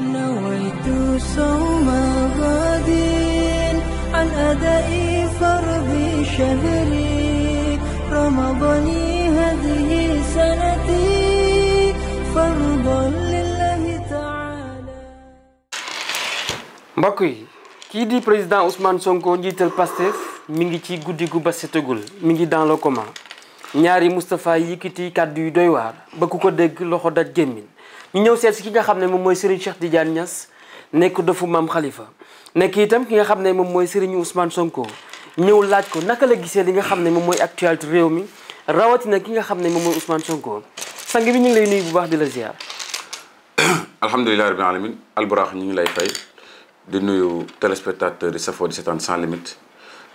نويت صوم غد عن أداء فرض شهري رمضان هذه سنتي فرضا لله تعالى mbokk yi kii di président Ousmane Sonko njiital Pastef mi ngi ci guddi gu ba mi ngi dans la coma ñaari Moustapha yëkkati kàdd yu doy waar ba ku ko dégg loxo daj gémmiñ ñu ñëw seet si ki nga xam ne moom mooy Serigne Cheikh Tidiane Niass nekk dofu maam xalifa nekk itam ki nga xam ne moom mooy Serigne Ousmane Sonko ñëw laaj ko naka la gisee li nga xam ne moom mooy actualité réew mi rawatina ki nga xam ne moom mooy Ousmane Sonko bi ñu ngi lay nuyu bu baax di la ziar. alhamdulilah rabbil alamin alburax ñu ngi lay fay di nuyu téléspectateur yi safoo di seetaan sans limite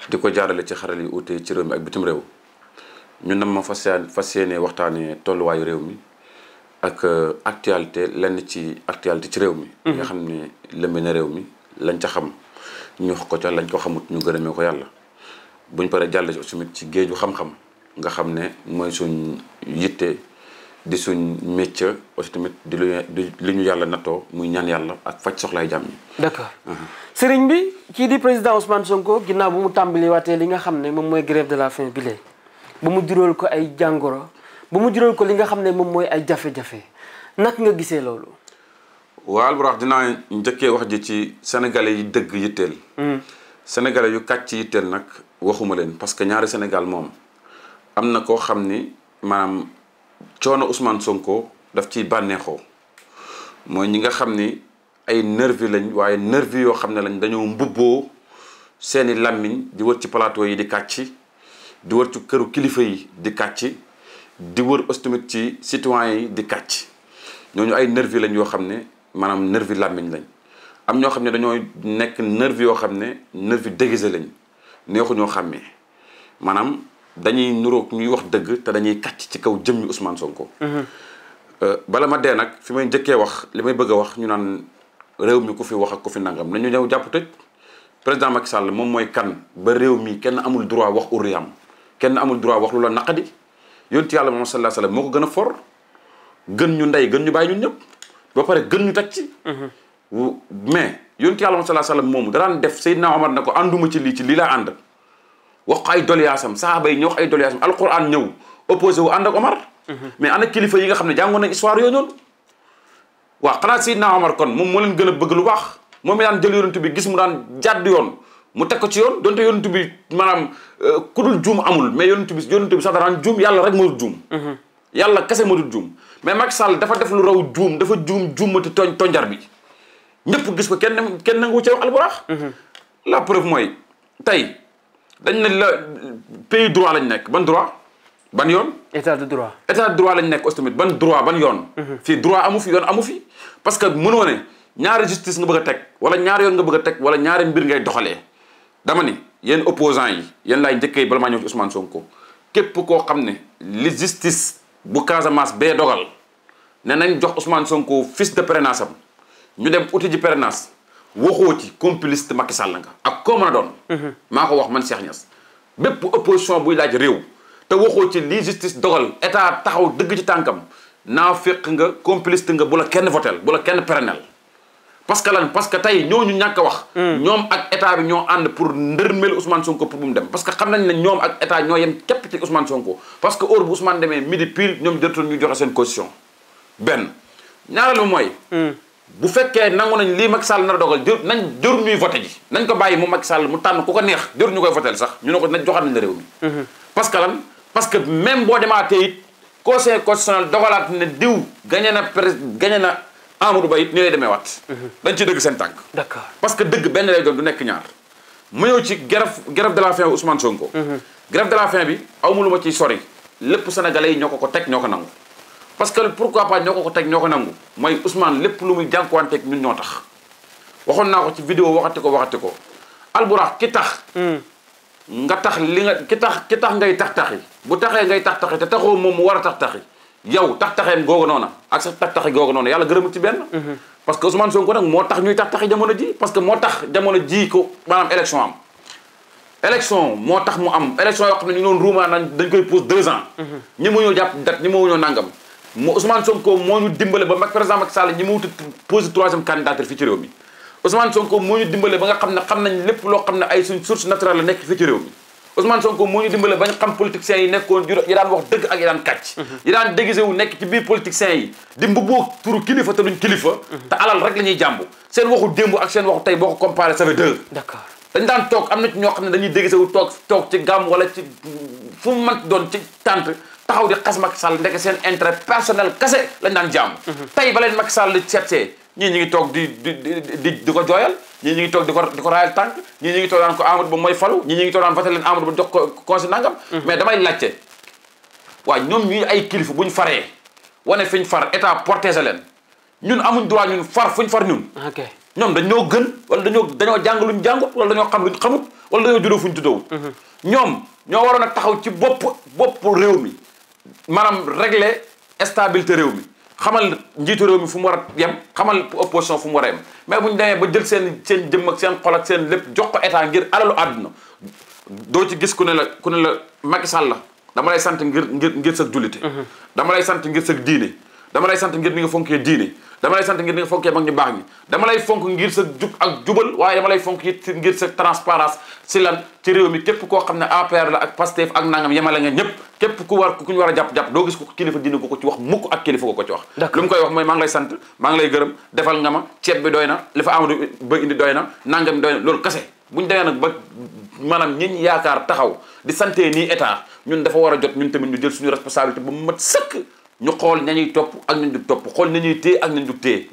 di ko jaarale ci xaral yi uute ci réew mi ak bitim réew ñun nag ma fas yéene fas yéene waxtaanee tolluwaayu réew mi. ak euh, actualité lenn ci actualité ci réew mi. Mhm. nga xam ni lëmbe na réew mi lañ ca xam ñu wax ko ca lañ ko xamut ñu gërëmee ko yàlla buñ paree jàll ci aussi ci géeju xam-xam nga xam ne mooy suñ yitte di suñ métier aussi tamit di lu li ñu yàlla nattoo muy ñaan yàlla ak faj soxlaay jàmm yi. d'accord mhm. sëriñ bi kii di président Ousmane Sonko ginnaaw bu mu tàmbili tàmbaliwaatee li nga xam ne moom mooy grève de la faim bi ba mu jural ko ay jàngoro. ba mu jural ko li nga xam ne moom mooy ay jafe-jafe nag nga gisee loolu. waaw alburax dinaa njëkkee wax ji ci sénégalais yi dëgg yitteel. Hmm. sénégalais yu kàcc yitteel nag waxuma leen parce que ñaari senegal moom am na koo xam ni maanaam coono Ousmane Sonko daf ciy bànneexoo mooy ñi nga xam ni ay nervi lañ waaye nervi yoo xam ne lañ dañoo mbubboo seeni làmmiñ di wër ci plateau yi di kàcc di wër ci këru kilifa yi di kàcc. di wër aussi ci citoyens yi di kàcc ñooñu ay nervi lañ yoo xam ne maanaam nervi làmmiñ lañ am ñoo xam ne dañooy nekk nervi yoo xam ne nervi déguisé lañ neexu ñoo xàmmee maanaam dañuy nuroog ñuy wax dëgg te dañuy kàcc ci kaw jëmmi Ousmane Sonko. Mhm. Euh, bala ma dee nag fi may njëkkee wax li may bëgg a wax ñu naan réew mi ko fi wax ak ku fi nangam nañu ñëw jàpp tëj président Macky Sall moom mooy kan ba réew mi kenn amul droit wax uriam kenn amul droit wax lu la naqadi yonent yàlla moom sallallahu alayhi wasallam moo ko gën a for gën ñu ndey gën ñu bàyyi ñu ñëpp ba pare gën ñu teg ci mais yonent yàlla moom sallallahu alayhi wasallam moomu daraan def Seydina Omar ko ànduma ci lii ci lii laa ànd wax ay doliyaasam saaba yi ñu wax ay doliyaasam alquran ñëw opposé wu ànd ak Omar mais ana kilifa yi nga xam ne jàngoon nañ histoire yooyu noonu waaw xanaa Seydina kon moom moo leen gën a bëgg lu baax moom mi daan jël yonent bi gis mu daan jàdd yoon mu teg ko ci yoon donte yonentu bi maanaam euh, ku dul juum amul mais yonentu bi yonentu bi sax daraan juum yàlla rek moo dul juum mhm. yàlla kese moo dul juum mais Macky Sall dafa def lu raw juum dafa juum juumati tooñ tonjar bi ñëpp gis ko kenn kenn nangu ci wax alburaax mhm. la preuve mooy tey dañ ne la pays droit lañ nekk ban droit ban yoon état de droit état de droit lañ nekk aussi ban droit ban yoon mhm. fii droit amu fi yoon amu fi parce que mënoo ne ñaari justice nga bëgg a teg wala ñaari yoon nga bëgg a teg wala ñaari mbir ngay doxalee dama ni yéen opposants yi yéen laay njëkkee bala maa ñëw ci Ousmane Sonko képp koo xam ne li justice bu Casamance bee dogal ne nañ jox Ousmane Sonko fiche de parrainage am ñu dem uti ji parrainage waxoo ci complice Macky Sall nga ak koo mën doon. Mhm. maa ko wax man Cheikh Niass bépp opposition buy laaj réew te waxoo ci li justice dogal état taxaw dëgg ci tànkam naa fekk nga complice nga bu la kenn votel bu la kenn parrainel parce que lan parce que tey ñooñu ñàkk a wax. Hmm. ñoom ak état bi ñoo ànd pour ndërmel Ousmane Sonko que xam nañ ñoo yem que heure bu Ousmane demee midi pile ñoom jotul ñu seen caution hmm. bu fekkee nangu nañ lii Macky Sall nar dogal jër nañ jër ñuy voté ji nañ ko bàyyi mu Macky Sall mu tànn ku ko neex jër ñu koy voté sax ñu ko nañ joxaat nañ la réew mi. Hmm. parce que lan parce que même boo demaatee it dogalaat ne diw gagné na prés gagné na. Amadou Ba it ni demee waat. Mhm. dañ ci dëgg seen tànk. d'accord parce que dëgg benn lay doon du nekk ñaar. mu ci grève grève de la faim Ousmane Sonko. Mhm. grève de la faim bi awma lu ma ciy sori. lépp sénégalais yi ñoo ko ko teg ñoo ko nangu. parce que pourquoi pas ñoo ko ko teg ñoo ko nangu mooy Ousmane lépp lu muy jànkuwanteeg ñun ñoo tax. waxoon naa ko ci vidéo waxati ko waxati ko alburax ki tax. Mhm. nga tax li nga ki tax ki tax ngay tax taxi. bu taxee ngay tax taxi te taxoo moom mu war a tax taxi. yow tax-taxeem googu noonu ak sa tax-taxi googu noonu yàlla gërëmul ci benn mhm. parce que Ousmane Sonko nag moo tax ñuy tax-taxi jamono ji parce que moo tax jamono ji ko maanaam élection am élection moo tax mu am élection yoo xam ne ñu noonu ruuma nañ dañ koy pousse deux ans mhm. ñi ma ñoo jàpp dimbale ba mag président Macky Sall ñi ma wuti posé troisième candidature fii réew mi Ousmane Sonko moo ñu dimbale ba nga xam ne xam nañ lépp loo xam ne ay suñ source naturelle nekk fii réew mi Ousmane Sonko moo ñu dimbale bañ xam politiciens yi nekkoon jur yi daan wax dëgg ak yi daan kàcc yi daan déguisé wu nekk ci biir politiciens yi di mbubboo turu kilifa te duñ kilifa te alal rek la ñuy seen waxu démb ak seen waxu tey boo ko comparé daan toog am na ci ñoo xam ne dañuy déguisé wu toog toog ci gàmm wala ci fu mu mën doon ci tant taxaw di xas Macky Sall ndeke seen intérêt personnel kese lañ daan jàmb mhm. tey ba leen Macky Sall di seetsee ñii ñi ngi toog di di di di ko jooyal ñii ñu ngi toog di ko ko raayal tànk ñii ñu ngi toog daan ko Amadou Ba mooy falu ñii ñu ngi toog daan voté leen Amadou Ba jox ko nangam mhm. mais damay laajte waaw ñoom ñuy ay kilifa buñ faree wane fiñ far état protégé leen ñun amuñ droit ñun far fuñ far ñun ñoom dañoo gën wala dañoo dañoo jàng luñ jàngut wala dañoo xam luñ xamut wala dañoo juddoo fuñ juddoo mhm. ñoom ñoo waroon a taxaw ci bopp bopp réew mi maanaam régler stabilité réew mi xamal njiitu réew mi fu mu war a yem xamal opposition fu mu war a yem mais bu ñu demee ba jël seen seen jëmm ak seen xol seen lépp jox ko état ngir alalu àdduna doo ci gis ku ne la ku ne la Macky Sall la dama lay sant ngir ngir ngir sa jullite. Mhm. dama lay sant ngir sa diine dama lay sant ngir ni nga fonkee diine. dama lay sant ngir ni nga fonkee mag ñu baax ñi dama lay fonk ngir sa jub ak jubal waaye dama lay fonk ngir sa transparence si lan ci réew mi képp koo xam ne APR la ak Pastef ak nangam yemale nga ñëpp képp ku war ku ñu war a jàpp-jàpp doo gis ko kilifa dina ko ko ci wax mukk ak kilifa mu koy wax mooy maa ngi sant maa ngi lay gërëm defal nga ma ceeb bi doy na li fa ba indi doy na nangam doy loolu kase bu ñu demee nag ba maanaam ñiñ yaakaar taxaw di santé nii état ñun dafa war a jot ñun tamit ñu jël suñu responsabilité ba mu mat sëkk ñu xool nañuy topp ak nañ dug topp xool nañuy téye ak nañ dug téye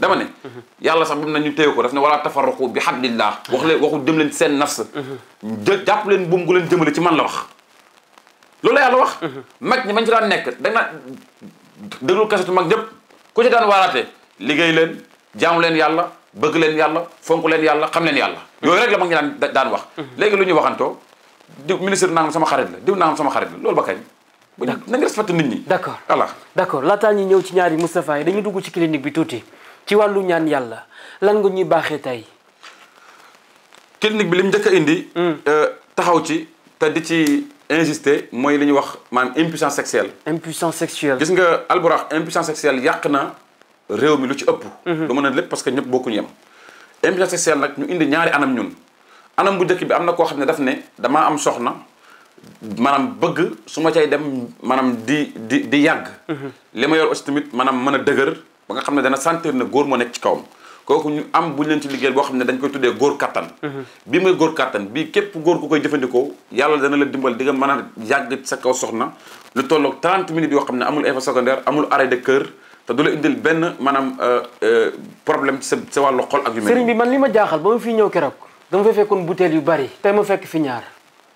yàlla sax bu mu nañu téye ko daf ne wala tafarraqu bi hablillah wax leen waxu dem leen seen nafs jàpp leen buum gu leen jëmale ci man la wax loolu la yàlla wax mag ñi mañ ci daan nekk da nga déglu kasetu mag ñëpp ku ci daan waaraate liggéey leen jaam leen yàlla bëgg leen yàlla fonk leen yàlla xam leen yàlla yooyu rek la mag ñi daan daan wax léegi lu ñuy waxantoo diw ministre nangam sama xarit la diw nangam sama xarit la loolu ba kañ bu ñu nañ respecté nit ñi. d' accord voilà d' ñuy ñëw ci ñaari Moustapha yi dañuy dugg ci clinique bi tuuti ci wàllu ñaan yàlla lan nga ñuy baaxee tey. clinique bi li mu njëkk a indi. Hmm. Euh, taxaw ci te di ci insister mooy li ñuy wax maanaam impuissance sexuelle. impuissance sexuelle. gis nga alburax impuissance sexuelle yàq na réew mi lu ci ëpp. du hmm. mën parce que ñëpp bokkuñu yem. impuissance sexuelle nag ñu indi ñaari anam ñun anam bu njëkk bi am na koo xam ne daf ne damaa am soxna. maanaam bëgg su ma cay dem maanaam di di di yàgg. Mhm. li ma yor aussi tamit maanaam mën a dëgër ba nga xam ne dana sentir na góor moo nekk ci kawam. kooku ñu am bu leen ci liggéeyal boo xam ne dañ koy tuddee góor kattan. Mhm. bii mooy góor kattan bii képp góor ku koy jëfandikoo yàlla dana la dimbal di nga mën a yàgg sa kaw soxna lu tolloog 30 minutes yoo xam ne amul effet secondaire amul arrêt de cœur te du la indil benn maanaam euh, euh, problème ci sa sa xol ak yu mel. sëriñ man li ma jaaxal ba ma ñëw keroog dama fay fekkoon butéel yu bari. tey ma fekk fi ñaar.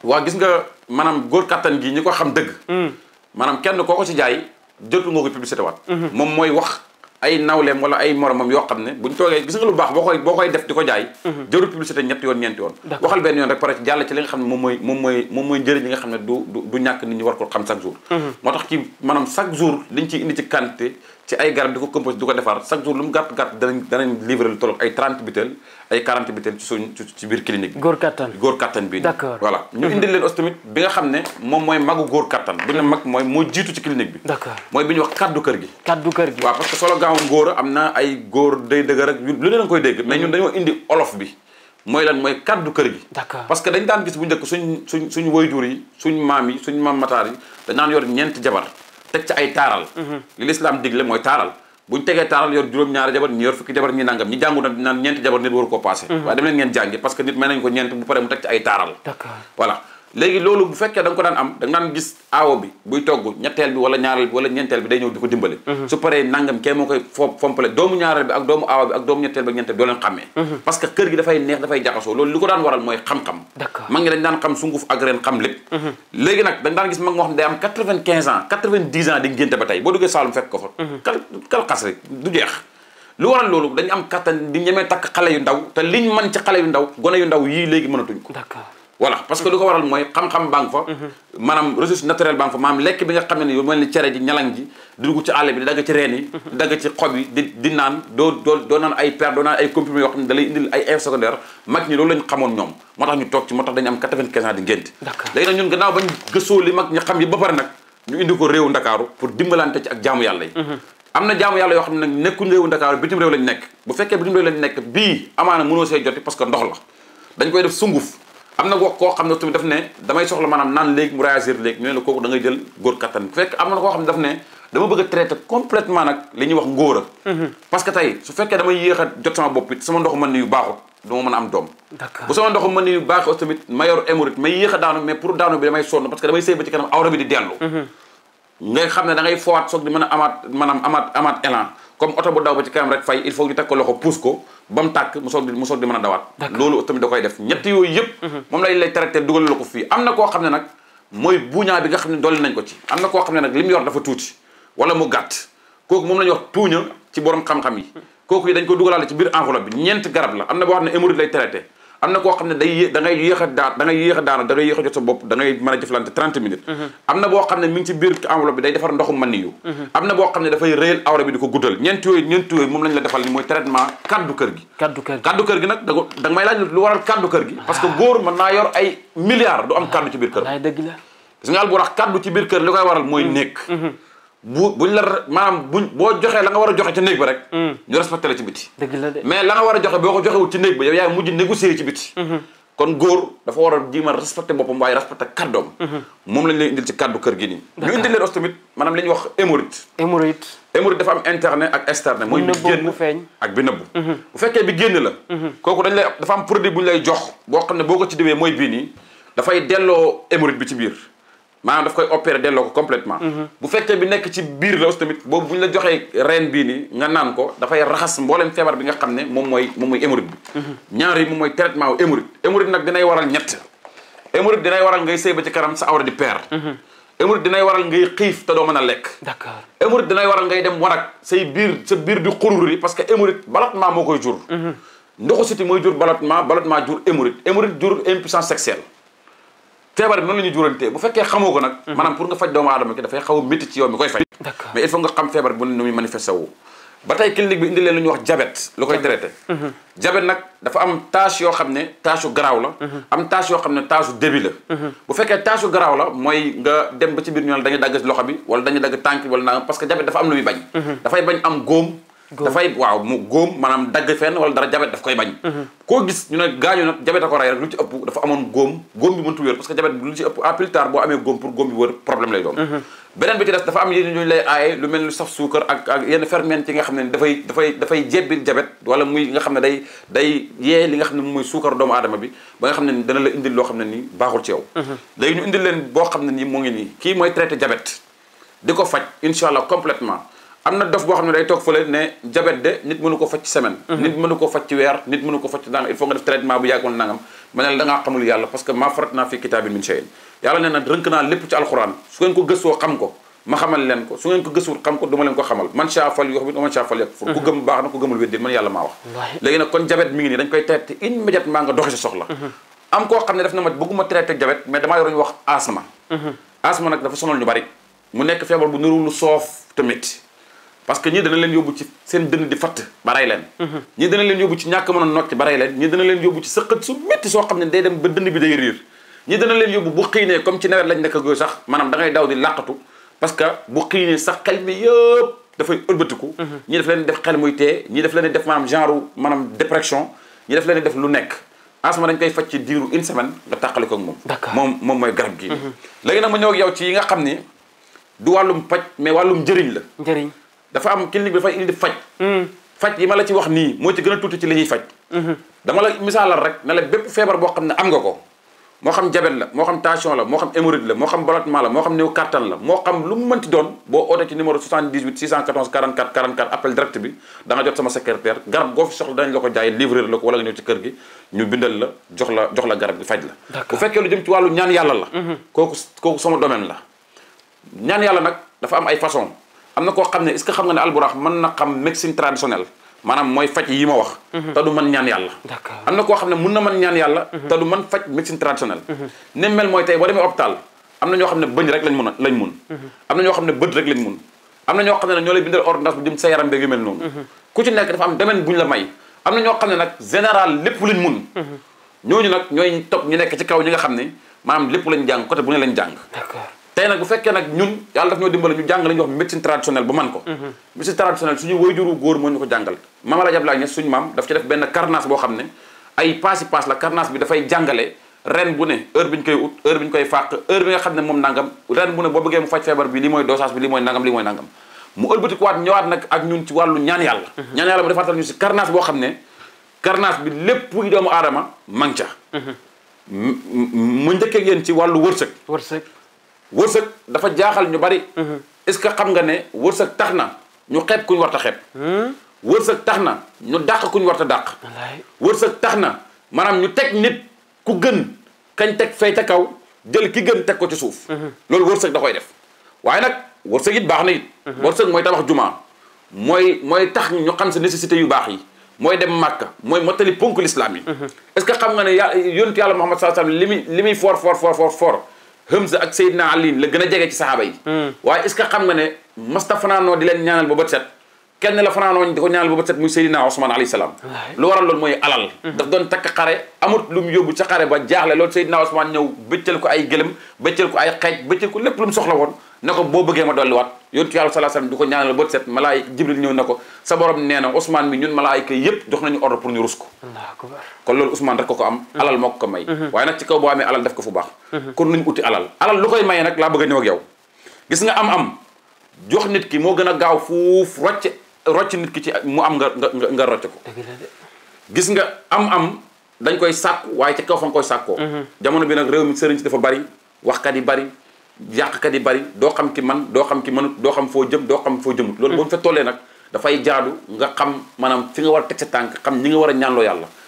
waa gis nga maanaam góor kattan gi ñi ko xam dëgg hmm. maanaam kenn koo ko ci jaay jotul nga ko publicité waat hmm. moom mooy wax ay nawleem wala ay moromam yoo xam ne buñ toogee gis nga lu baax boo koy def di ko jaay hmm. jëru publicité ñetti yoon ñeenti yoon waxal benn yoon rek pare ci jàll ci li nga xam ne moom mooy moom mooy moom mooy li nga xam ne du ñàkk nit ñi war ko xam chaque jour moo tax ci maanaam chaque jour liñ ciy indi ci quantité ci ay garab di ko composé di ko defar ay 40 bi ci suñ ci biir clinique bi. góor kattan kattan bii. d'accord voilà ñu mhm. indil leen aussi bi nga xam ne moom mooy magu góor kattan bu ne mag mooy moo jiitu ci clinique bi. d'accord mooy bi ñuy wax kaddu kër gi. kaddu kër gi waaw parce que solo gaaw góor am na ay goor day dëgër ak lu ne la koy dégg mais ñun mhm. dañoo indi olof bi. mooy lan mooy kaddu kër gi. d'accord parce que dañ daan gis bu njëkk suñ suñ suñ waajur yi suñ maam yi suñ maam mataar yi dañ daan yor ñeenti jabar teg ci ay taaral. Mhm. li l'islam digle mooy taaral buñ tegee taaral yor juróom-ñaari jabar ñi yor fukki jabar ñi nangam ñi jàngu nag naan jabar nit waru ko passé mhm. waaye dem leen ngeen jàngi parce que nit may nañ ko ñeent bu pare mu teg ci ay taaral voilà léegi loolu bu fekkee da ko daan am da nga daan gis aawo bi buy togg ñetteel bi wala ñaareel bi wala ñeenteel bi day ñëw di ko dimbale mhm. su paree nangam kenn moo koy fo fompale doomu ñaareel bi ak doomu aawo bi ak doomu ñetteel bi ak ñeenteel bi doo leen xàmmee mhm. parce que kër gi dafay neex dafay jaxasoo loolu li ko daan waral mooy xam-xam mhm. gis mag day am quatre-vingt-quinze ans quatre-vingt-dix ans di ngénte ba tey boo duggee Saalum fekk ko fa kal kal xas rek du jeex lu am kattan di ñemee takk xale yu ndaw te liñ mën ci xale yu ndaw gone yu ndaw yii léegi mënatuñ ko d'accord voilà parce que lu ko waral mooy xam-xam baa fa mhm. maanaam ressource naturelle baa fa maanaam lekk bi nga xam ne cere ji ñalang ji di ci àll bi di dagg ci reen yi mhm. di dagg ci xob yi di di naan doo doo doo naan ay per xam ne ñoom moo tax ñu toog ci moo tax dañu am 95 ans di ngénte léegi nag ñun gannaaw ci mhm. am na jaamu yàlla yoo xam ne nag nekkuñ réewu Ndakaaru koy def sunguf am na wax koo xam ne tamit daf ne damay soxla maanaam am na koo xam ne daf a wax ngóor a mhm. parce que su fekkee damay yéex a yu baaxut duma mën a am doom bu yu baaxut tamit ma yor a daanu mais pour daanu bi damay sonn parce que damay sëy ba di dellu mhm. ngay xam ne da ngay fowaat soog di mën a amaat maanaam amaat amaat comme oto bu daw ba ci kanam rek fay il faut ñu teg ko loxo puus ko ba mu tàkk mu soog di mu a dawaat loolu tamit da koy def ñett yooyu yëpp mhm. moom lay lay traité dugal la ko fii am na koo xam ne nag mooy buñaa bi nga xam ne dolli nañ ko ci am na koo xam ne nag li mu yor dafa tuuti wala mu gàtt kooku moom la ñuy wax tuuña ci borom xam-xam yi mhm. kooku yi dañ ko dugalaale ci biir enveloppe bi ñeent garab la am na boo xam ne hémorroïde lay traité am na koo xam ne day da ngay yéex a daan a daanu da ngay a jot sa bopp da ngay mën a jëflante 30 minutes mm-hmm. am na bi day defar ndoxu man yu mm-hmm. am na boo xam ne dafay réyal awra di ko guddal ñeent yooyu ñeent yooyu moom lañ la defal ni mooy traitement kaddu kër gi kaddu kër gi nag da may laaj lu waral kaddu kër gi parce que ah. góor mën naa yor ay milliards du am kaddu ci biir kër gis nga alburax waral mooy mm-hmm. nekk bu buñ la maanaam buñ boo joxee la nga war a joxe ci néeg ba rek mm. ñu respecté la ci biti mais la nga war a joxe boo ko joxewul ci néeg ba yow yaay mujj négocier ci biti mm-hmm. kon góor dafa war a jéem a respecté boppam waaye respecté kàddoom mm-hmm. moom lañ leen indil ci kàddu kër gi nii ñu indil leen aussi tamit maanaam li wax hémorroïde hémorroïde hémorroïde dafa am interne ak externe mooy bi génn ak bi nëbbu mm-hmm. bu fekkee bi génn la kooku dañ lay dafa am produit bu ñu lay jox boo xam ne ko ci déwee mooy bii nii dafay delloo hémorroïde bi ci biir maanaam daf koy opéré delloo ko complètement mhm. bu fekkee bi nekk ci biir la aussi tamit boobu bu ñu la joxee reen bii nii nga naan ko dafay raxas mbooleem feebar bi nga xam ne moom mooy moom mooy hémorroïde bi mhm. ñaar moom mooy traitement wu hémorroïde hémorroïde nag dinay waral ñett hémorroïde dinay waral ngay sëy ba ci kanam sa awra di peer mhm. hémorroïde dinay waral ngay xiif te doo mën a lekk d'accord hémorroïde waral ngay dem wanag say biir sa biir di xururi parce que hémorroïde ballottement moo koy jur ndoxu siti mooy jur ballottement ballottement jur hémorroïde hémorroïde jur impuissance sexuelle feebar bi noonu la ñuy jurantee bu fekkee xamoo ko nag mhm. maanaam pour nga faj doomu aadama ki dafay xaw a métti ci yow mi koy faj mais il faut nga xam feebar bi nu muy manifesté wu ba tey clinique bi indi leen lu ñuy wax diabète lu koy traité mhm. diabète nag dafa am tâche yoo xam ne tâche garaaw la mhm. am tâche yoo xam ne tâche yu la bu fekkee tâche yu garaaw la mooy nga dem ba ci biir ñu ne dañuy dagg loxo bi wala dañuy dagg tànk bi wala naa parce que diabète dafa am lu muy dafay waaw mu góom maanaam dagg fenn wala dara jabet daf koy bañ mhm. koo gis ñu ne gaañu nag jabet a ko rey rek lu ci ëpp dafa amoon góom góom bi mëntu wér parce que jabet lu ci ëpp à plus boo amee góom pour góom bi wër problème lay doon mhm. beneen bi ci des dafa am yenn ñu lay aaye lu mel ni saf suukar ak yenn ferment yi nga xam ne dafay dafay dafay jebbi jabet wala muy nga xam ne day day yee li nga xam ne mooy suukar doomu aadama bi ba nga xam ne ni dana la loo xam ne ni baaxul ci mhm. leen boo xam ne ni moo ngi nii kii mooy traité jabet di ko faj incha allah complètement am na dof boo xam ne day toog fële ne jabet de nit mënu ko faj ci semaine mhm. nit mënu ko faj ci weer nit mënu ko faj ci il faut nga def traitement maa farat naa fi leen ko su ngeen ko gëstuwul ma leen ko man saa fal yoo na ku gëmul jabet mhm. ma bëgguma traité jabet mais damaa yoroñu wax asma mhm. asma nag dafa sonal ñu bari mu nekk feebar bu nuru lu soof tamit parce que ñii dana leen yóbbu ci seen dënn di fatt ba rey leen mhm. ñii dana leen yóbbu ci ñàkk mën a nokki ba rey leen ñii dana leen yóbbu ci sëqat su métti soo xam ne day dem ba bi day dana leen yóbbu bu xiinee comme ci nawet lañ nekk gooy sax maanaam da ngay daw di làqatu que bu xiinee sax xel mi yëpp dafay ëlbatiku mhm. ñii daf leen def xel muy tee ñii daf leen def maanaam genre maanaam dépression ñii daf leen def lu nekk asma dañ koy faj ci diiru une semaine nga tàqali ko ak moom moom mooy garab gi mhm. léegi nag ma ñëw ak yow ci yi nga xam ni du wàllum paj mais wàllum njëriñ la njëriñ dafa am clinique bi dafay faj. Hmm. faj yi ma la ci wax nii moo ci gën a tuuti ci li ñuy faj. Hmm. dama la misaalal rek ne la bépp feebar boo xam ne am nga ko. moo xam jabet la moo xam tension la moo xam hémorroïde la moo xam ballottement la moo xam néew kàttan la moo lu mu mënti doon boo ootee ci numéro 78 614 44 44 appel direct bi da nga jot sama secrétaire garab goo fi soxla dañ la ko jaay livrer la ko wala nga ñëw jox la jox la garab gi faj la bu fekkee lu wàllu ñaan yàlla la hmm. kooku kooku sama domaine la yàlla nag dafa am ay façon am na koo xam ne est-ce que xam nga ne alburax mën na xam médecine traditionnelle maanaam mooy faj yi ma wax mhm. te du mën ñaan yàlla am na koo xam ne mun na mën ñaan yàlla mhm. te du mën faj médecine traditionnelle mhm. ne mel mooy tey boo demee hôpital am na ñoo xam ne bëñ rek lañ mun lañ am na ñoo xam ne bët rek lañ mun am na ñoo xam ne bu jëm sa yaram beeg yu mel noonu ku ci nekk dafa am domaine bu la may am na ñoo xam ne nag général lépp lañ mun ñooñu nag ñooy topp ñu nekk ci kaw ñi nga xam ne maanaam lépp lañ jàng côté bu ne lañ tey nag bu fekkee nag ñun yàlla daf ñoo dimbale ñu jàngale ñu wax médecine traditionnelle ba man ko mhm. médecine traditionnelle suñu wayjuru góor moo ñu ko jàngal maam Alaaji Abdoulaye Niass suñu maam daf ci def benn carnage boo xam ne ay paas paas la carnage bi dafay jàngale ren bu ne heure bi ñu koy ut heure bi ñu koy fàq heure bi nga xam ne moom nangam ren bu ne boo bëggee mu faj feebar bi li mooy dosage bi li mooy nangam li mooy nangam mu ëlbatikuwaat ñëwaat nag ak mhm. lépp yi doomu aadama mang ca mhm. mu njëkkee yéen ci wàllu wërsëg wërsëg wërsëg dafa jaaxal ñu bari. Mhm. est-ce que xam nga ne wërsëg tax na ñu xeeb kuñ warta xeeb. Hmm? wërsëg tax na ñu dàq kuñ warta dàq. wërsëg tax na maanaam ñu teg nit ku gën kañ teg fay ca kaw jël ki gën teg ko ci suuf. Mhm. loolu wërsëg da koy def waaye nag wërsëg it baax na it. Mhm. wërsëg mooy tabax jumaa mooy mooy tax ñu xam sa nécessité yu baax yi. mooy dem Màkka mooy mottali ponk l'islam yi. est-ce xam nga ne yàlla yonent yàlla Muhammad sallallahu alayhi wasallam li muy li muy fort fort fort fort. Hamza ak Seydina Ali la gën a jege ci saxaaba yi hmm. waaye est-ce que xam nga ne masta fanaanoo di leen ñaanal ba bët set kenn la fanaanoo di ko ñaanal ba bët set muy Seydina Ousmane alayhi salaam lu waral loolu mooy alal hmm. daf doon takk xare amut lu mu yóbbu ca xare ba jaaxle loolu Seydina Ousmane ñëw bëccal ko ay gëlëm bëccal ko ay xeej bëccal ko lépp lu mu soxla woon na ko boo bëggee ma dolliwaat yontu yàlla salaa salaam ko ñaanal bët set malaay jibril ñëw na ko sa borom nee na Ousmane mi ñun malaayika yëpp jox nañu ordre pour ñu rus ko kon loolu Ousmane rek ko ko am mm-hmm. alal moo ko ko may mm-hmm. waaye nag ci kaw boo amee alal def ko fu baax mm-hmm. kon nañu uti gis nga am am jox nit ki moo gën a gaaw fuuf rocc rocc nit ki ci mu am nga nga nga rocc ko gis nga am am dañ koy sàkku waaye ci kaw fa nga koy sàkkoo jamono bi nag réew mi sëriñ si dafa bari waxkat yi bari yàqkat yi bari doo xam ki man doo xam ki mënut doo xam foo jëm doo xam foo jëmut loolu boo ñu fa nag dafay jaadu nga xam maanaam fi nga war a teg sa tànk xam ñi nga war a ñaanloo yàlla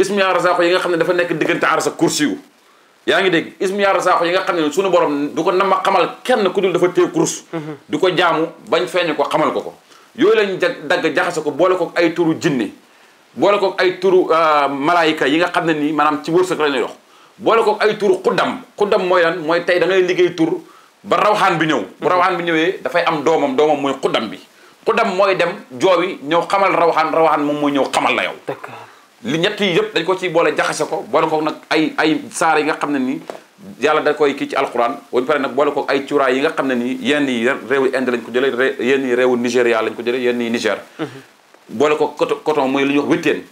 ismu yaa rasaaxu yi nga xam ne dafa nekk diggante arsa kursi yu yaa ngi dégg ismu yaa yi nga xam ne suñu borom du ko nama xamal kenn ku dul dafa téye kurus mhm. du ko jaamu bañ feeñu ko xamal ko ko yooyu lañ dagg jaxase ko boole ko ay turu jinne boole ko ay turu euh, malaayika yi nga xam ne nii maanaam ci wërsëg la ñuy dox boole ko ay turu xuddam xuddam mooy lan mooy tey dangay liggéey tur ba rawxaan bi ñëw bu mhm. rawxaan bi ñëwee dafay am doomam doomam mooy xuddam bi xuddam mooy dem joowi ñëw xamal rawxaan rawxaan moom mooy ñëw xamal la yow li ñett yi yëpp dañ ko ci boole jaxase ko boole ko nag ay xam ne nii yàlla da koy kii ci alquran wañu pare nag boole ko ay cuuraay yi nga xam ne nii yenn yi réewu Inde lañ ko jëlee yenn yi réewu Nigéria lañ ko jëlee yenn yi Niger mm-hmm. boole ko coton mooy li ñuy wax wéttéen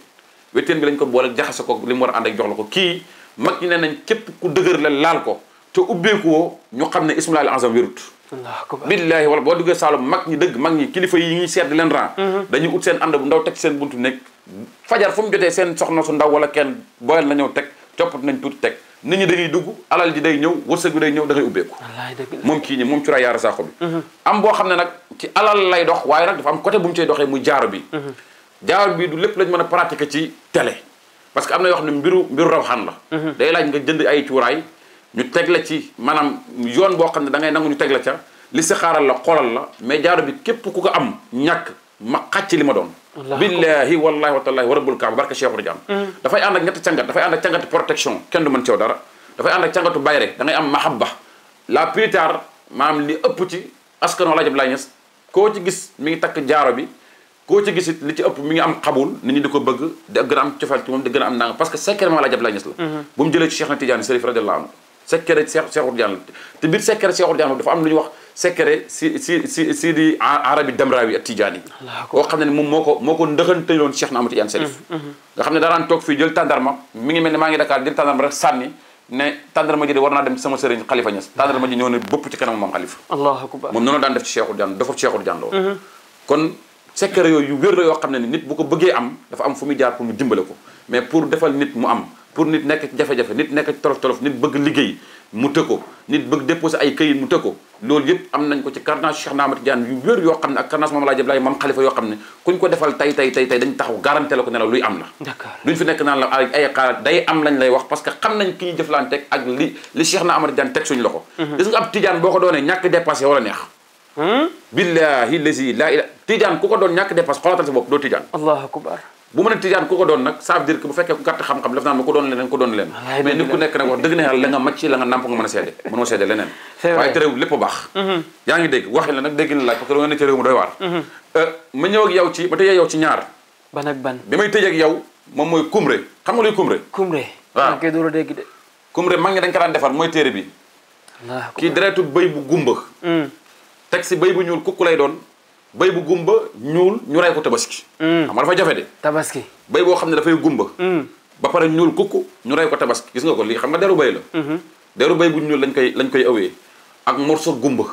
wéttéen bi lañ ko boole jaxase ko li war a ànd ak jox ko kii mag ñi ne nañ képp ku dëgër la laal ko te ubbeeku woo ñu xam ne ismu laahil azam wérut billaahi wala boo duggee Saalum mag ñi dëgg mag ñi kilifa yi ñuy seet di leen ran mm-hmm. dañuy ut seen ànd bu ndaw teg seen buntu nekk fajar fu mu jotee seen soxna su ndaw wala kenn boyal na ñëw teg copp nañ tuuti teg nit ñi dañuy dugg alal ji day ñëw wërsëg bi day ñëw da ngay ubbeeku moom kii ñi moom cura yaara saako bi mhm. am boo xam ne nag ci alal lay dox waaye nag dafa am côté bu mu cay doxee mu jaaro bi mhm. jaaro bi du lépp lañ mën a pratique ci télé parce que am na yoo xam ne mbiru mbiru rawxaan la mhm. day laaj nga jënd ay cuuraay ñu teg la ci maanaam yoon boo xam ne da ngay nangu ñu teg la ca li si xaaral la xoolal la mais jaaro bi képp ku ko am ñakk ma xàcc li ma doon billahi wallahi wa tallahi wa rabbul kaaba barka Cheikh Tidiane mm. dafay ànd ak ñetti cangat dafay ànd ak cangatu protection kenn du mën ci dara dafay ànd ak cangatu bayre da ngay am mahabba la plus tard maam li ëpp ci askan wala jëm laa ñes koo ci gis mu ngi takk jaaro bi koo ci gis li ci ëpp mi ngi am xabul nit ñi di ko bëgg di gën a am cofeel ci moom di am nang parce que secret ma la jab la la bu mu jëlee ci Cheikh lu ñuy wax secret si si si si di arabi damrawi ak tijaani boo xam ne ne moom moo ko moo ko ndëxantaloon Cheikh na Amadou Tidiane Serif mm-hmm, mm-hmm. nga xam ne daraan toog fii jël tàndarma mi ngi mel ne maa ngi Dakar jël tàndarma rek sànni ne tàndarma ji de war naa dem sama sëriñ Khalifa Niass tàndarma ji ñëw ne bopp ci kanam maam Khalifa Allahu moom noonu daan def ci Cheikhul Tidiane dafa Cheikhul Tidiane mm-hmm. kon secret yooyu wér la yoo xam ne nit bu ko bëggee am dafa am fu muy jaar pour ñu dimbale ko mais pour defal nit mu am pour nit nekk ci jafe nekk ci tolof bëgg liggéey mu të ko nit bëgg déposé ay këyit mu të loolu yëpp am nañ ko ci carnage Cheikh Ahmad Tidiane yu wér yoo xam ne ne kuñ ko defal tay tay tay tay dañ taxaw garanté ko ne luy am la duñ fi naan la ay xaar day am lañ lay wax parce que xam nañ ki ñuy jëflanteeg ak li li Cheikh Ahmad Tidiane teg suñu loxo mhm. gis nga ab Tidiane boo ko doonee ñàkk dépassé wala neex hmm? billahi lazi la ila ku ko doon ñàkk dépassé xoolaatal sa bopp doo Tidiane bu mën a tijaan ku ko doon nag ça veut dire que bu fekkee ku gàtt xam-xam daf naan ma ko doon leneen ko doon leneen mais nit ku nekk nag wax dëgg na yàlla la nga màcc la nga nàmp nga mën a seede mënoo leneen mhm. mhm. euh, ma ñëw ak ci ma tëjee yow ci ñaar moom mooy kumre xam nga luy kumre kumre waaw ah, koy door a daan defar mooy téere bi kii deretu béy bu gumba mm. teg si béy bu ñuul kukku lay doon béy bu gumba ñuul ñu rey ko tabaski. Hmm. xam nga dafa jafe de. tabaski béy boo xam ne dafay gumba. Hmm. ba pare ñuul kukku ñu rey ko tabaski gis nga ko lii xam nga deru béy la. Hmm. deru béy bu ñuul lañ koy lañ koy awee ak morso gumba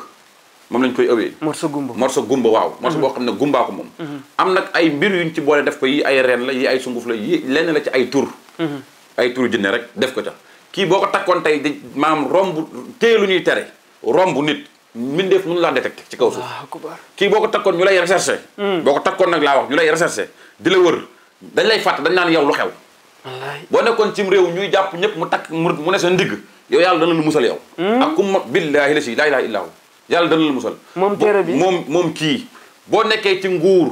moom lañ koy awee. morso gumba morso gumba waaw. morso boo xam ne gumbaa ko moom. am nag ay mbir yuñ ci boole def ko yi ay reen la yi ay sunguf la yi lenn la ci ay tur. ay tur jinne rek def ko ca kii boo ko takkoon tey maam romb téye lu ñuy tere romb nit. mbindeef mënu laa détecté ci kaw suuf kii boo ko takkoon ñu lay recherché hmm. boo ko takkoon nag laa wax ñu lay recherché di la wër dañ lay fàtte dañ naan yow lu xew boo nekkoon cim réew ñuy jàpp ñëpp mu takk mu mu ne sa ndigg yow yàlla dana lu musal yow hmm. ak ku ma billaahi la si laa ilaaha illaa hu yàlla dana lu musal moom moom moom kii boo nekkee ci nguur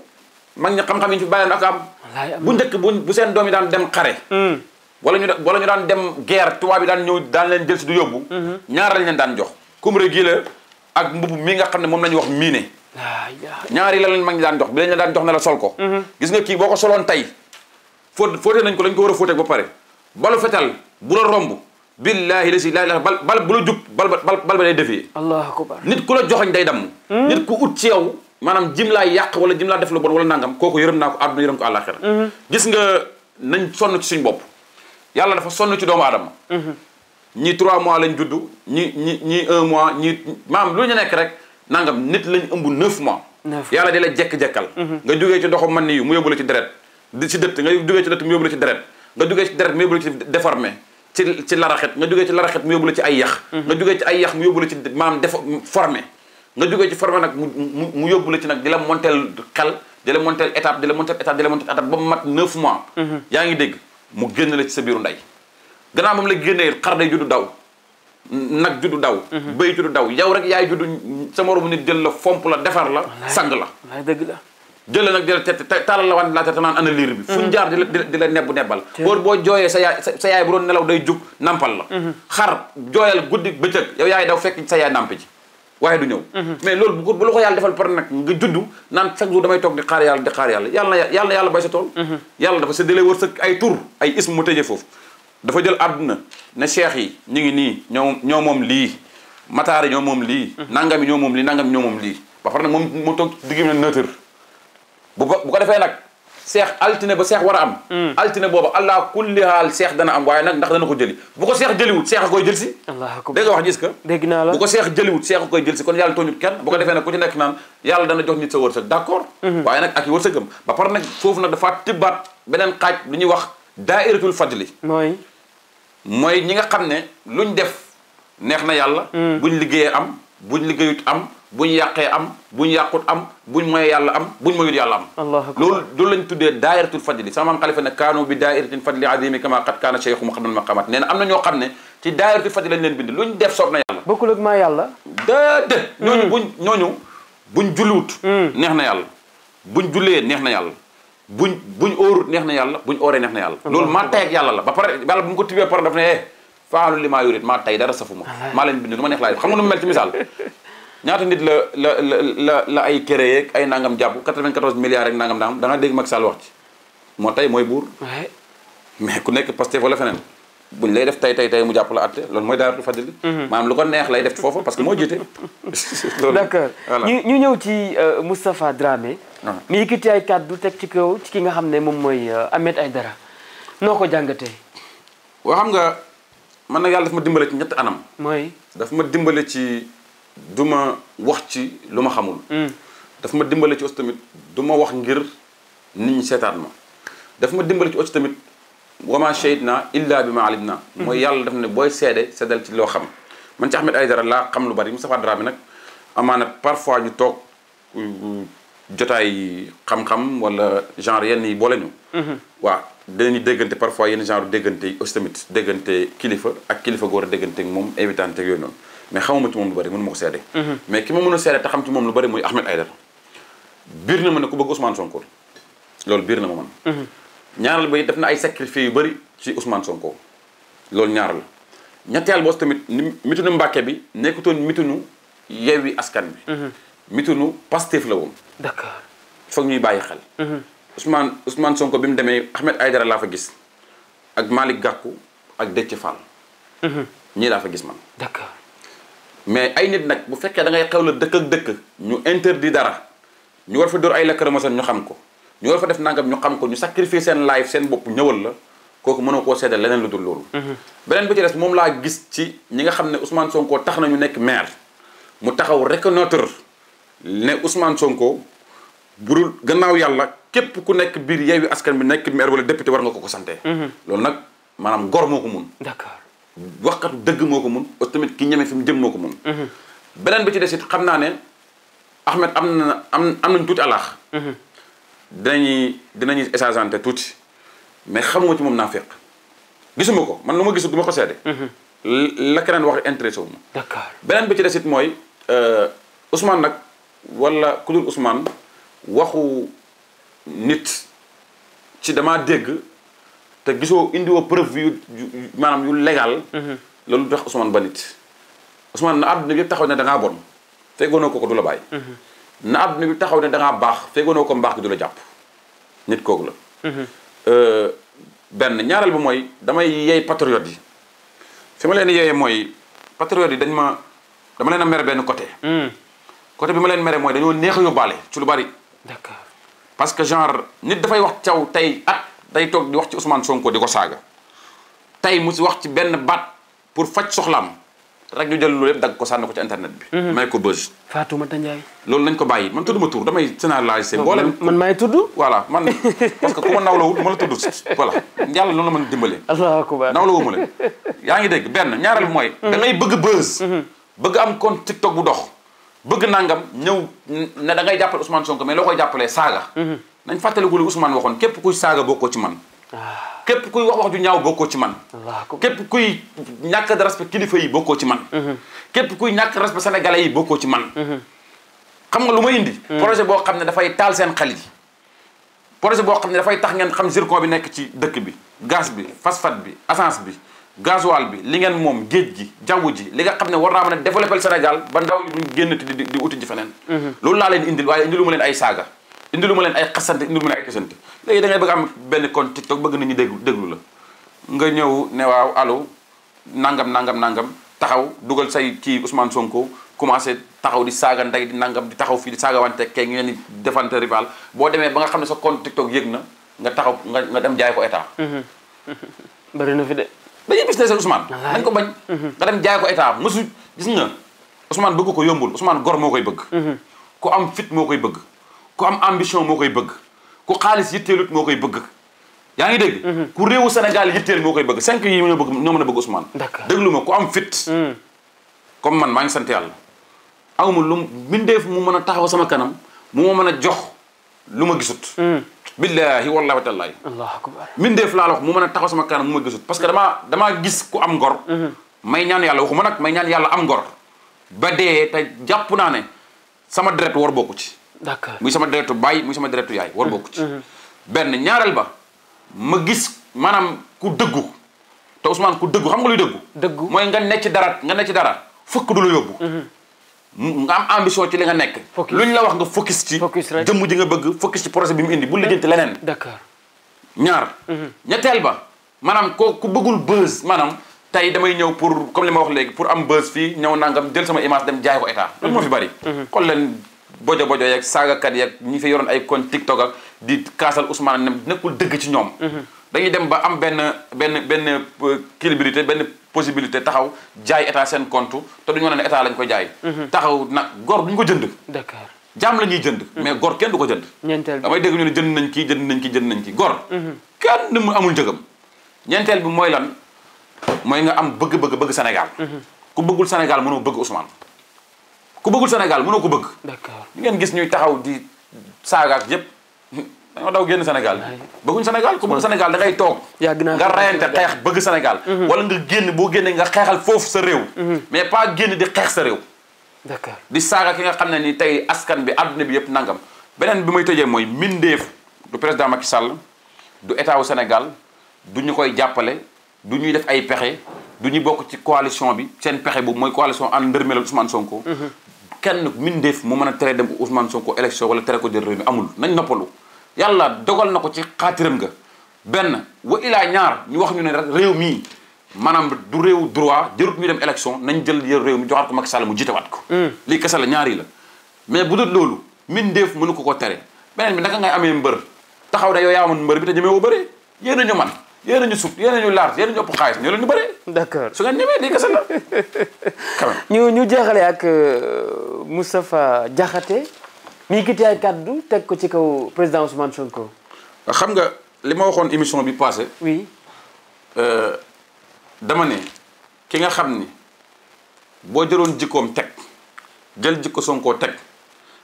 mag ñi xam-xam yi ñu fi bàyyi ak am bu njëkk bu bu seen doom yi daan dem xare hmm. wala ñu wala ñu daan dem guerre tubaab yi daan ñëw daan leen jël si du yóbbu hmm. ñaar lañ leen daan jox kumre gi la ak mbubb mii nga xam ne moom la ñu wax miine ñaari la leen mag ñi daan jox bi lañ daan jox ne la sol ko hmm. gis nga kii boo ko soloon tey fóot fóote nañ ko lañ ko war a fóote ba pare balu fetal bu la romb billahi la si laa bal bal bu la jub bal bal ba day defee allahu akbar nit ku la joxoñ day damm nit ku ut ci maanaam jim laa yàq wala jim laa def lu bon wala nangam kooku yërëm naa ko àdduna yërëm ko àllaaxira mhm. gis nga nañ sonn ci suñu bopp yàlla dafa sonn ci doomu aadama mhm. ñii trois mois lañ juddu ñii ñi ñi un mois ñi maam lu ñu nekk rek nangam nit lañ ëmb neuf mois yàlla di la jekk-jekkal mhm. nga jógee ci ndoxu man ni yu mu yóbbu la ci deret ci dëtt nga jógee ci dëtt mu yóbbu la ci deret nga jógee ci deret mu yóbbu la ci déformé ci ci laraxet nga jógee ci laraxet ci ay yax nga ci ay yax mu yóbbu la ci maanaam déformé nga jógee ci forme nag mu mu yóbbu la ci nag di la montel xel di la montel étape di la montel étape di la montel étape ba mu mat 9 mois. Mhm. yaa ngi dégg mu génn la ci sa biiru ndey. gannaaw moom la génnee xar day juddu daw nag juddu daw. Mhm. béy juddu daw yow rek yaay juddu sa moromu nit jël la fomp la defar la. sang la dëgg la. nag di la te taalal la wan laata te naan ana liir bi. fu ñu mhm. di la di la nebbu nebbal. boo boo jooyee sa yaay sa yaay bu doon nelaw day jug nampal la. xar jooyal guddi bëccëg yow yaay daw fekk sa yaay namp ji. waaye du ñëw mhm. mais loolu bu ko ko yàlla defal pare nag nga judd naan chaque jour damay toog di xaar yàlla di xaar yàlla yàlla na yàlla na yàlla bay sa tool mhm. yàlla dafa séddalee ay tur ay ism mu tëjee foofu dafa jël àdduna ne cheikh yi ñu ngi nii ñoom ñoo moom lii mataari ñoo moom lii mhm. nangami ñoo moom lii nangami ñoo moom lii ba far nag moom moo toog digim na neutre bu ko bu ko defee nag seex altine ba seex war a am mm. altine boobu allah kulli haal seex dana am waaye nag ndax dana ko jëli bu ko seex jëliwut seex a koy jël si dégg nga wax gis que dégg naa la bu ko seex jëliwut seex si kon yàlla tooñut kenn bu ko defee nag ku ci nekk naan yàlla dana jox nit sa wërsëg d'accord mm-hmm. waaye nag ak yi wërsëgam ba pare nag foofu nag dafa tibbaat beneen xaaj lu ñuy wax daairatul fadli mooy mooy ñi nga xam ne lu luñ def neex na yàlla mm. buñ liggéeyee am buñ liggéeyut am bu ñu yàqee am bu ñu yàqut am bu ñu moyee yàlla am bu ñu moyut yàlla am loolu loolu lañ tuddee daayiratul fadli sama maam xalifa ne kaanu bi daayiratin fadli azimi kama qad kaana cheikhum xadmal maqamat nee na am na ñoo xam ne ci daayiratul fadli lañ leen bind lu ñu def soob na yàlla bokkul ak maa yàlla déedéet hmm. ñooñu buñ ñooñu julliwut hmm. neex na yàlla buñ jullee neex na yàlla buñ buñ óorut neex na yàlla buñ óoree neex na yàlla loolu maa tay ak yàlla la ba pare yàlla bu mu ko tibbee par daf ne eh, faalu li maa yurit maa tay dara safuma maa leen bind lu xam nga nu mel ci misaal ñaata nit la la la la ay kere yeeg ay nangam jàpp 94 milliards ak nangam nangam da nga dégg Macky Sall wax ci moo tey mooy buur. mais ku nekk Pastef wala feneen buñ lay def tay tay tay mu jàpp la àtte loolu mooy daaratul fadli. Mhm. maanaam lu ko neex lay def foofu parce que moo jiite. loolu d'accord ñu ñëw ci euh, Moustapha Dramé. Ah. mi yëkkati ay kàddu teg ci kaw ci ki nga xam ne moom mooy euh, Ahmed Aïdara noo ko jàngatee. waaw xam nga man nag yàlla daf ma dimbale ci ñett anam. mooy dafa ma dimbale ci. du wax ci lu ma xamul. Hmm. daf ma dimbale ci aussi tamit du ma wax ngir nit ñi seetaan ma daf ma dimbale ci aussi tamit wama shahid naa illa bi ma alim na hmm. mooy yàlla daf ne booy seede seedal ci loo xam. man ci ay dara laa xam lu bari Moustapha Dramé nag amaana parfois ñu toog euh, euh, jotaay xam-xam wala genre yenn yi boole ñu. Hmm. waaw dinañu déggante parfois yenn genre déggante yi aussi tamit déggante kilifa ak kilifa góor a moom invitante ak yooyu mais xamuma ci moom lu bëri mënu ma ko seede mhm. mais ki ma mën a seede te xam ci moom lu bëri muy Ahmed Aïdara biir na ma ne ku bëgg Ousmane Sonko loolu biir na ma man mhm. ñaaral ba def na ay sacrifice yu bëri ci Ousmane Sonko loolu ñaaral ñetteel boos tamit ni mitunu Mbàkke bi nekkatoon mitunu Yewwi Askan bi mhm. mitunu Pastef la woon d'accord foog ñuy bàyyi xel Ousmane Ousmane Sonko bi mu demee Ahmed Aïdara laa fa gis ak Malick Gakou ak Déthié Fall ñii laa fa gis ma mais ay nit nag bu fekkee da ngay xew la dëkk ak dëkk ñu interdit dara ñu war fa dóor ay lacrymogène ñu xam ko ñu war fa def nangam ñu xam ko ñu sacrifier seen life seen bopp ñëwal la kooku mënoo koo seddal leneen lu dul loolu mhm. beneen bi ci des moom laa gis ci ñi nga xam ne Ousmane Sonko tax na ñu nekk maire mu taxaw reconnaître ne Ousmane Sonko bu dul gannaaw yàlla képp ku nekk biir Yewwi Askan Wi nekk maire wala député war nga ko ko sante mhm. loolu nag maanaam gor wax waxkatu dëgg moo ko mun tamit ki ñeme fi mu jëm moo ko mun. Mhm. beneen bi ci des xam naa ne Ahmed am na am am nañ tuuti alaax. Mhm. dinañuy dinañuy échangeante tuuti mais xamuma ci moom naa fekk gisuma ko man lu ma gisul du ma ko seede. Mhm. la keneen wax intéressé wu ma. d'accord beneen bi ci des mooy euh, Ousmane nag wala ku dul waxu nit ci damaa dégg. te gisoo indiwoo preuve yu maanaam yu légal. Mhm. loolu tax Ousmane ba nit Ousmane na àdduna bi yëpp taxaw ne da ngaa bon feggoonoo ko ko du la bàyyi. Mhm. na àdduna taxaw ne da ngaa baax feggoonoo ko mbaax gi du la jàpp nit kooku la. Mhm. Euh, benn ñaareel bi mooy damay yey patriote yi fi ma leen yeyee mooy patriote yi dañ ma dama leen a mere benn côté. coté bi ma leen mere mooy dañoo neex a yóbbaale ci lu bari. parce que genre nit dafay wax caw tey at. day toog di wax ci Ousmane Sonko di ko saaga tey mu si wax ci benn baat pour faj soxlaam rek ñu jël loolu yëpp dagg ko sànni ko ci internet bi. Mhm. may ko buzz. Fatoumata Ndiaye. loolu nañ ko bàyyi man tudd ma tur damay scénariser mboolem. man maay tudd. voilà man parce que ku ma nawlawut ma la tudd voilà yàlla loolu la mën dimbale. allahu akbar nawlawu yaa ngi dégg benn ñaareel mooy. Mhm. da ngay bëgg buzz. Mhm. bëgg am compte TikTok bu dox. bëgg nangam ñëw ne da ngay jàppale Ousmane Sonko mais loo koy jàppalee saaga. nañ fàttaliku li Ousmane waxoon képp kuy saaga bokkoo ci man ah. képp kuy wax ñaaw bokkoo ci man képp kuy ñàkk de respect kilifa yi bokkoo ci man mhm. képp kuy ñàkk respect sénégalais yi bokkoo ci man mhm. xam nga lu ma indi mhm. projet boo xam ne dafay taal seen xel yi projet boo xam ne dafay tax ngeen xam zircon bi nekk ci dëkk bi gaz bi phosphate bi assance bi gasoil bi li ngeen moom géej gi jaww ji li nga xam ne war naa mën a développer Sénégal ba ndaw yi duñ génnati di di uti ji feneen loolu laa leen waaye indilu ma ay saaga indi lu ma leen ay xasante indi lu ma leen ay xasante léegi da ngay bëgg am benn compte TikTok bëgg nañu déglu déglu la nga ñëw ne waaw allo nangam nangam nangam taxaw dugal say kii Ousmane Sonko commencé taxaw di saaga ndey di nangam di taxaw fii di saaga wante kee ngeen di defante rival boo demee ba nga xam ne sa compte TikTok yëg na nga taxaw nga nga dem jaay ko état. Mhm. bari na fi de. dañuy bis ne seen Ousmane. ko bañ. Mhm. nga dem jaay ko état mosu gis nga Ousmane bëgg ko yombul Ousmane gor moo koy bëgg. Mhm. ku am fit moo koy bëgg. ku am ambition moo koy bëgg ku xaalis yitteelut moo koy bëgg yaa ngi dégg mhm. ku réewu Sénégal yitteel moo koy bëgg cinq yi ñoo bëgg ñoo mën a bëgg Ousmane déglu ma ku am fit mhm. comme man maa ngi sant yàlla awma lu mbindeef mu mën a taxaw sama kanam mu ma mën a jox lu ma gisut mhm. billahi wallahi wa tallahi allahu akbar mbindeef laa la wax mu mën a taxaw sama kanam mu ma gisut parce que damaa damaa gis ku am ngor may ñaan yàlla waxuma nag may ñaan yàlla am ngor ba dee te jàpp naa ne sama deret war bokku ci d'accord muy sama deretu baay muy sama deretu yaay war bokku ci mm-hmm. benn ñaareel ba ma gis maanaam ku dëggu te Ousmane ku dëggu xam nga luy dëggu dëggu mooy nga nekk ci dara nga nekk ci dara fëkk du la yóbbu mm-hmm. nga am ambition ci li nga nekk lu ñu la wax nga focus ci jëmm ji nga bëgg focus ci projet bi mu indi bu lijjanti leneen d'accord ñaar mm-hmm. ñetteel ba maanaam ko ku bëggul buzz maanaam tey damay ñëw pour comme li ma wax léegi pour am buzz fii ñëw nangam jël sama image dem jaay ko état moo fi bari bojo bojo yeeg saagakat yeeg ñi fi yoroon ay compte TikTok di kaasal Ousmane ne nekkul dëgg ci ñoom. Mhm. dañuy dem ba am benn benn benn euh, crédibilité benn possibilité taxaw jaay état seen cont te duñu wane ne état lañ ko jaay. Mhm. taxaw nag gor duñ ko jënd. d'accord jaam la ñuy jënd. Mhm. mais gor kenn du ko jënd. ñeenteel damay dégg ñu ne jënd nañ kii jënd nañ kii jënd nañ kii gor. kenn mu amul njëgam. ñeenteel bi mooy lan mooy nga am bëgg-bëgg bëgg Sénégal. ku bëggul Sénégal mënoo bëgg Ousmane. ku bëggul Sénégal mënoo ko bëgg. d'accord ngeen gis ñuy taxaw di saagaak yëpp dañoo daw génn Sénégal bëgguñ Sénégal ku bëgg Sénégal da ngay toog. yàgg naa nga rayante xeex bëgg Sénégal. Mhm. wala nga génn boo génnee nga xeexal foofu sa réew. Mhm. mais pas génn di xeex sa réew. di saaga ki nga xam ne ni tey askan bi adduna bi yëpp nangam beneen bi may tëjee mooy mindeef du président Macky Sall du état wu Sénégal du ñu koy jàppale du ñuy def ay pexe du ñu bokk ci coalition bi seen pexe boobu mooy coalition ànd ndërmeelu Ousmane Sonko. Mhm. kenn min mbindeef mu mën a tere dem Ousmane ko élection wala tere ko jël réew mi amul nañ noppalu yàlla dogal na ko ci xaatiram nga benn wa ilaa ñaar ñu wax ñu ne rek réew mii maanaam du réew droit jërut ñu dem élection nañ jël yër réew mi joxaat ko ma Sall mu jiitawaat ko hmm. lii kese la ñaar la mais bu dul loolu mbindeef nu ko ko tere beneen bi naka ngay amee mbër taxaw da yow yaa man mbër bi te ñemee woo bëree yéen a man yéen ñu suuf yéen a ñu large yéen ñu ëpp xaalis ñoo leen ñu bëri. d' accord su ngeen ñemee lii kese la. ñu ñu jeexalee ak euh, Moustapha Diakhaté mi ngi ay kàddu teg ko ci kaw président Ousmane Sonko. xam nga li ma waxoon émission bi passé oui. Euh, dama ne ki nga xam ni boo jëloon jikkoom teg jël jikko Sonko teg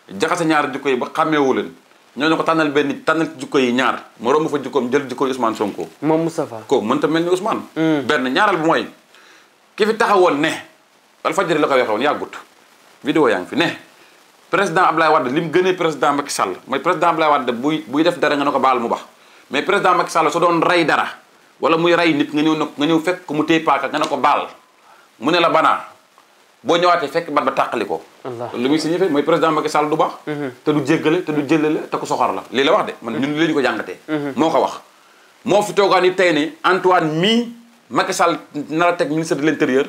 jaxase ñaari jikko yi ba xàmmeewu leen. ñoo ne ko tànnal benn tànnal jikko yi ñaar mu romb fa jikkoom jël jikko yi Ousmane Sonko. moom Moustapha ko mënta mel ni Ousmane. Mm. benn ñaaral bu mooy ki fi taxawoon ne Walfadjri la ko waxee woon yàggut. vidéo yaa ngi fi ne président Ablaye Wade li mu gënee président Macky Sall mooy président Ablaye Wade buy buy def dara nga ne ko baal mu bax mais président Macky Sall soo doon rey dara wala muy rey nit nga ñëw nga ñëw fekk ko mu téye paaka nga ne ko baal mu ne la banaa boo ñëwaatee fekk bat ba tàqali ko lu muy signifié mooy président Macky Sall du baax mhm. te du jéggale te du jëlale te ku soxor la lii la wax de man ñun li ko jàngatee mhm. moo ko wax moo fi toogaan yi tey ni Antoine mii Macky Sall nar a teg ministre de l'intérieur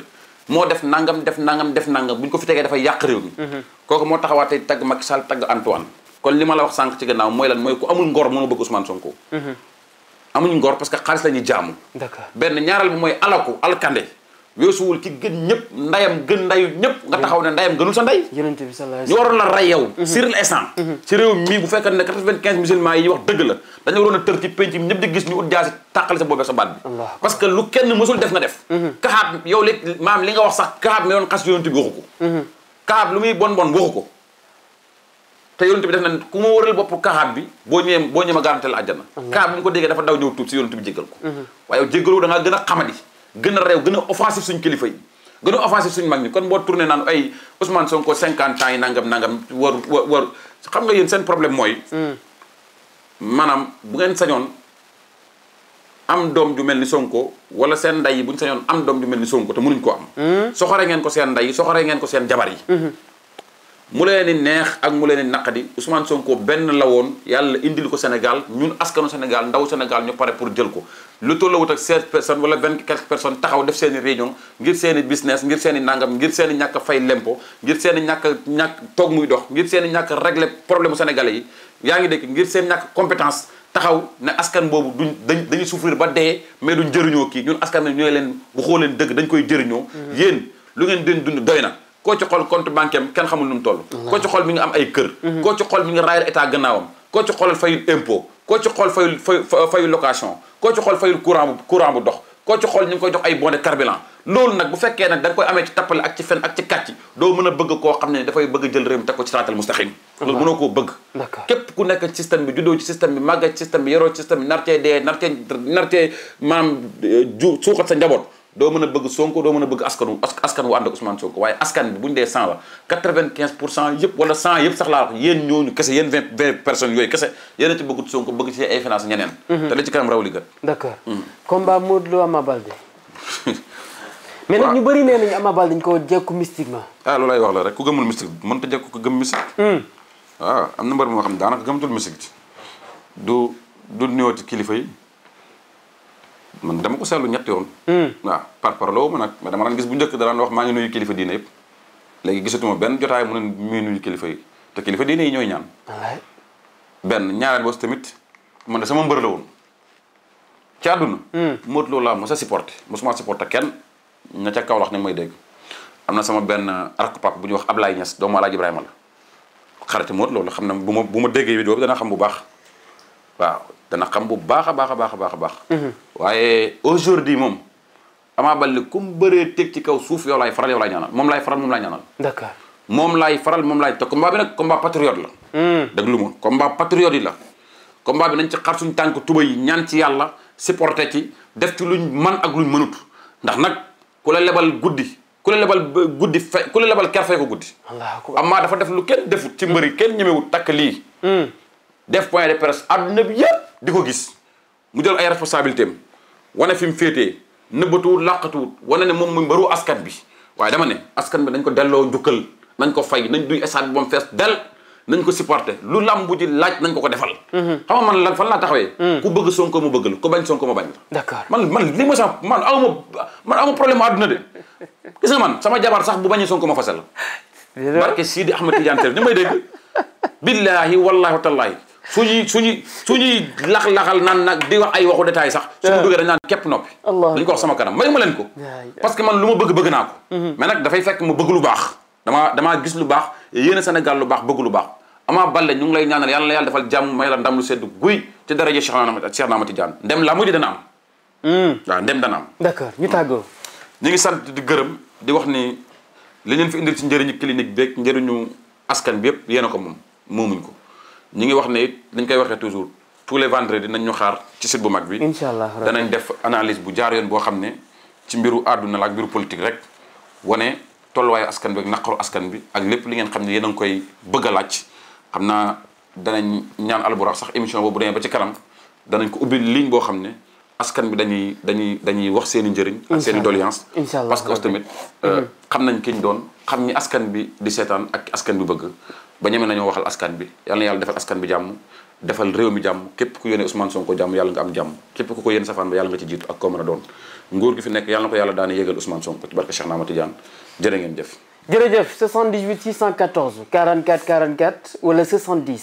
moo def nangam def nangam def nangam bu ñu ko fi tegee dafay yàq réew mi mhm. kooku moo taxawaatee tagg Macky Sall tagg Antoine kon li ma la wax sànq ci gannaaw mooy lan mooy ku amul ngor mënu bëgg Ousmane Sonko amuñ ngor parce que xaalis la ñuy jaamu benn ñaaral bi mooy alaku alkande weesuwul ki gën ñëpp ndayam gën ndayu ñëpp nga taxaw ne ndayam gënul sa nday ñu waroon la rey yow mhm. sur l'instant mhm. ci réew mii bu fekkee ne quatre-vingt-quinze musulmans a tër ci penc mi ñëpp di gis ñu ut jaasi tàqali sa boobee sa baat bi parce que lu kenn def nga def mhm. kaxaab yow léegi maam li nga wax sax kaxaab mi doon xas yonent bi waxu ko kaxaab lu muy bon bon waxu ko te yonent bi boo ñëwee boo ñëwee ma garanté la ko déggee dafa daw ñëw tuub si yonent bi jéggal ko waaye yow jéggaloo da gën a xamadi gën a réew gën a offensif suñ kilifa yi gën a offensif suñ mag ñi kon boo tourné naan ay Ousmane Sonko 50 ans yi nangam nangam war war war xam nga yéen seen problème mooy. Hmm. maanaam bu ngeen sañoon am doom ju mel ni Sonko wala seen ndey yi bu ñu sañoon am doom ju mel ni Sonko te mënuñ ko am. Hmm. soxore ngeen ko seen ndey yi soxore ngeen ko seen jabar yi. Hmm. mu leen di neex ak mu leen di naqadi Ousmane Sonko benn la woon yàlla indil ko Sénégal ñun askanu Sénégal ndaw Sénégal ñu pare pour jël ko lu tolluwut ak 16 personnes wala 20 quelques personnes taxaw def seen i réunion ngir seen i business ngir seen nangam ngir seen i ñàkk a fay lempo ngir seen i ñàkk toog muy dox ngir seeni i ñàkk a régler problème sénégalais yi yaa ngi dégg ngir seen ñàkk compétence taxaw ne askan boobu duñ dañ dañuy souffrir ba dee mais duñ jëriñoo kii ñun askan bi ñooy leen waxoo leen dëgg dañ koy jëriñoo mm-hmm. yéen lu ngeen den dund doy na koo ci xool compte banque am kenn xamul nu mu toll koo ci xool mi ngi am ay kër mhm. koo ci xool mi ngi raayal état gannaawam koo ci koo ci xool fayul fayul location koo ci xool fayul courant bu dox koo ci xool ñu ngi koy jox ay bon de carburant loolu nag bu fekkee nag da nga koy amee ci tappale ak ci fen ak ci kàcc doo mën a bëgg koo xam ne dafay bëgg jël réew mi teg ko ci siraatal mustaqim loolu mënoo koo bëgg képp ku nekk ci système bi juddoo ci système bi màgga ci système bi yoroo ci système bi nartee dee nartee nartee maanaam eh, ju suuxat sa doo mën a bëgg Sonko doo mën a bëgg askanu askan wu ànd ak Ousmane Sonko waaye askan bi bu ñu dee 100 la 95 pour cent yëpp wala 100 yëpp sax laa wax yéen ñooñu kese yéen 20 20 personnes yooyu kese yéen a ci bëggut Sonko bëgg ci ay finance ñeneen. Mhm. te li ci kanam raw li gën. d'accord mhm. combat Modou Lo Ama Baldé. mais nag ñu bëri nee nañu Ama Baldé dañu ko jekku mystiquement. ah loolay wax la rek ku gëmul mystique mënut a jekku ko gëm mystique. waaw hmm. ah, am na mbër moo xam daanaka gëmatul mystique ci du du nuyoo ci kilifa yi. man dama ko seetlu ñetti yoon. Hmm. waaw par parlo ma nag mais dama daan gis bu njëkk daan wax maa ngi nuyu kilifa diine yëpp léegi gisatuma benn jotaay mu ne muy nuyu kilifa yi te kilifa diine yi ñooy ñaan. benn ñaareel boos tamit man ne sama mbër la woon ci àdduna. Hmm. Modou Lo laa mos a supporté mosuma supporté kenn ña ca Kaolack ni may dégg. am na sama benn rakk pap bu ñuy wax Ablaye Niass doomu Alaaji Ibrahima la xarati Modou Lo la xam ne bu ma bu ma déggee vidéo bi dana xam bu baax. waaw dana xam bu baax a baax a baax a baax a baax mhm. waaye aujourd'hui moom amaa Baldé ku mu bëree teg ci kaw suuf yow laay faral yow laay ñaanal moom laay faral moom laay ñaanal d'accord moom laay faral moom laay te combat bi nag combat patriote la mhm. déglu ma combat patriote yi la combat bi nañ ci xar suñu tànk tuba yi ñaan ci yàlla supporté ci def ci luñ man ak luñ mënutu ndax nag ku la lebal guddi ku la lebal guddi fe ku la lebal ker fay ko guddi amaa dafa def lu kenn defut ci mbëri kenn ñemewut takk lii mhm. def point de presse adduna bi yëpp di ko gis mu jël ay responsabilité am wane fi mu féetee nëbbatuwut làqatuwut wane ne moom mu mbaru askan bi waaye dama ne askan bi nañ ko delloo njukkal nañ ko fay nañ duy stade bi ba mu fees del nañ ko supporter lu làmb ji laaj nañ ko ko defal. Mhm. xam man lan fan laa taxawee. Mhm. ku bëgg Sonko mu bëgg la ku bañ Sonko ma bañ la. d'accord man man li ma sax man aw man aw ma problème mu adduna de gis nga man sama jabar sax bu bañee Sonko ma fasal la. barke Sidi Ahmed Tidiane ni may dégg. billahi wallahi wa tallahi su suñuy suñuy suñuy lax-laxal naan nag di wax ay waxu détail sax suñu duggee dañ naan képp noppi dañ ko wax sama kanam may ma leen ko parce que man lu ma bëgg bëgg naa ko mm-hmm. mais nag dafay fekk ma bëgg lu baax damaa damaa gis lu baax yéen a Sénégal lu baax bëgg lu baax Ama Baldé ñu ngi lay ñaanal yàlla na yàlla defal jàmm may la ndam lu sedd guy ci daraja Cheikh ma Tidiane ndem laa mujj dana am mm. waaw ndem dana am d'accord ñu tàggoo mm. ñu ngi sant di gërëm di wax ni li leen fi indil ci njëriñu clinique beeg njëriñu askan bi yëpp yéen ko moom moomuñ ko ñi ngi wax ne it dañ koy waxee toujours tous les vendredis nañ ñu xaar ci site bu mag bi. incha allah danañ def analyse bu jaar yoon boo xam ne ci mbiru àdduna la mbiru politique rek wane tolluwaayu askan bi ak naqaru askan bi ak lépp li ngeen ne yéen a ngi koy bëgg a laaj xam naa danañ ñaan alburax sax émission boobu demee ba ci kanam danañ ko ubbi ligne boo xam ne askan bi dañuy dañuy dañuy wax seen i njëriñ. ak seen i doléance parce que aussi euh, xam nañ ki doon xam ñi askan bi di seetaan ak askan bi bëgg. ba ñeme nañoo waxal askan bi yàlla na yàlla defal askan bi jàmm defal réew mi jàmm képp ku yéene Ousmane Sonko jàmm yàlla nga am jàmm képp ku ko yéene safaan ba yàlla nga ci jiitu ak koo a doon nguur gi fi nekk yàlla na ko yàlla daane yégal Ousmane Sonko ci barke Cheikh Naama Tidiane jërë ngeen jëf jërëjëf 78 614 44 44 wala 70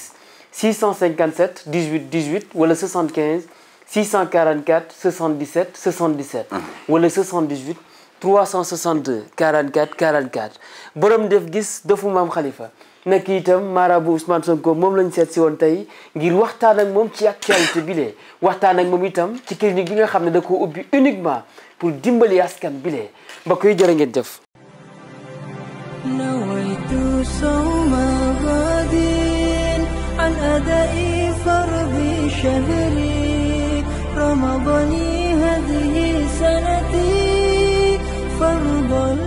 657 18 18 wala 75 644 77 77 wala 78 362 44 44 borom def gis defu maam Khalifa nag itam marabu Ousmane Sonko moom lañ seet si woon tey ngir waxtaan ak moom ci actualité bile waxtaan ak moom itam ci clinique bi nga xam ne da ko ubbi uniquement pour dimbali askan bile mbokk yi jërë ngeen jëf. رمضاني هذه سنتي فارض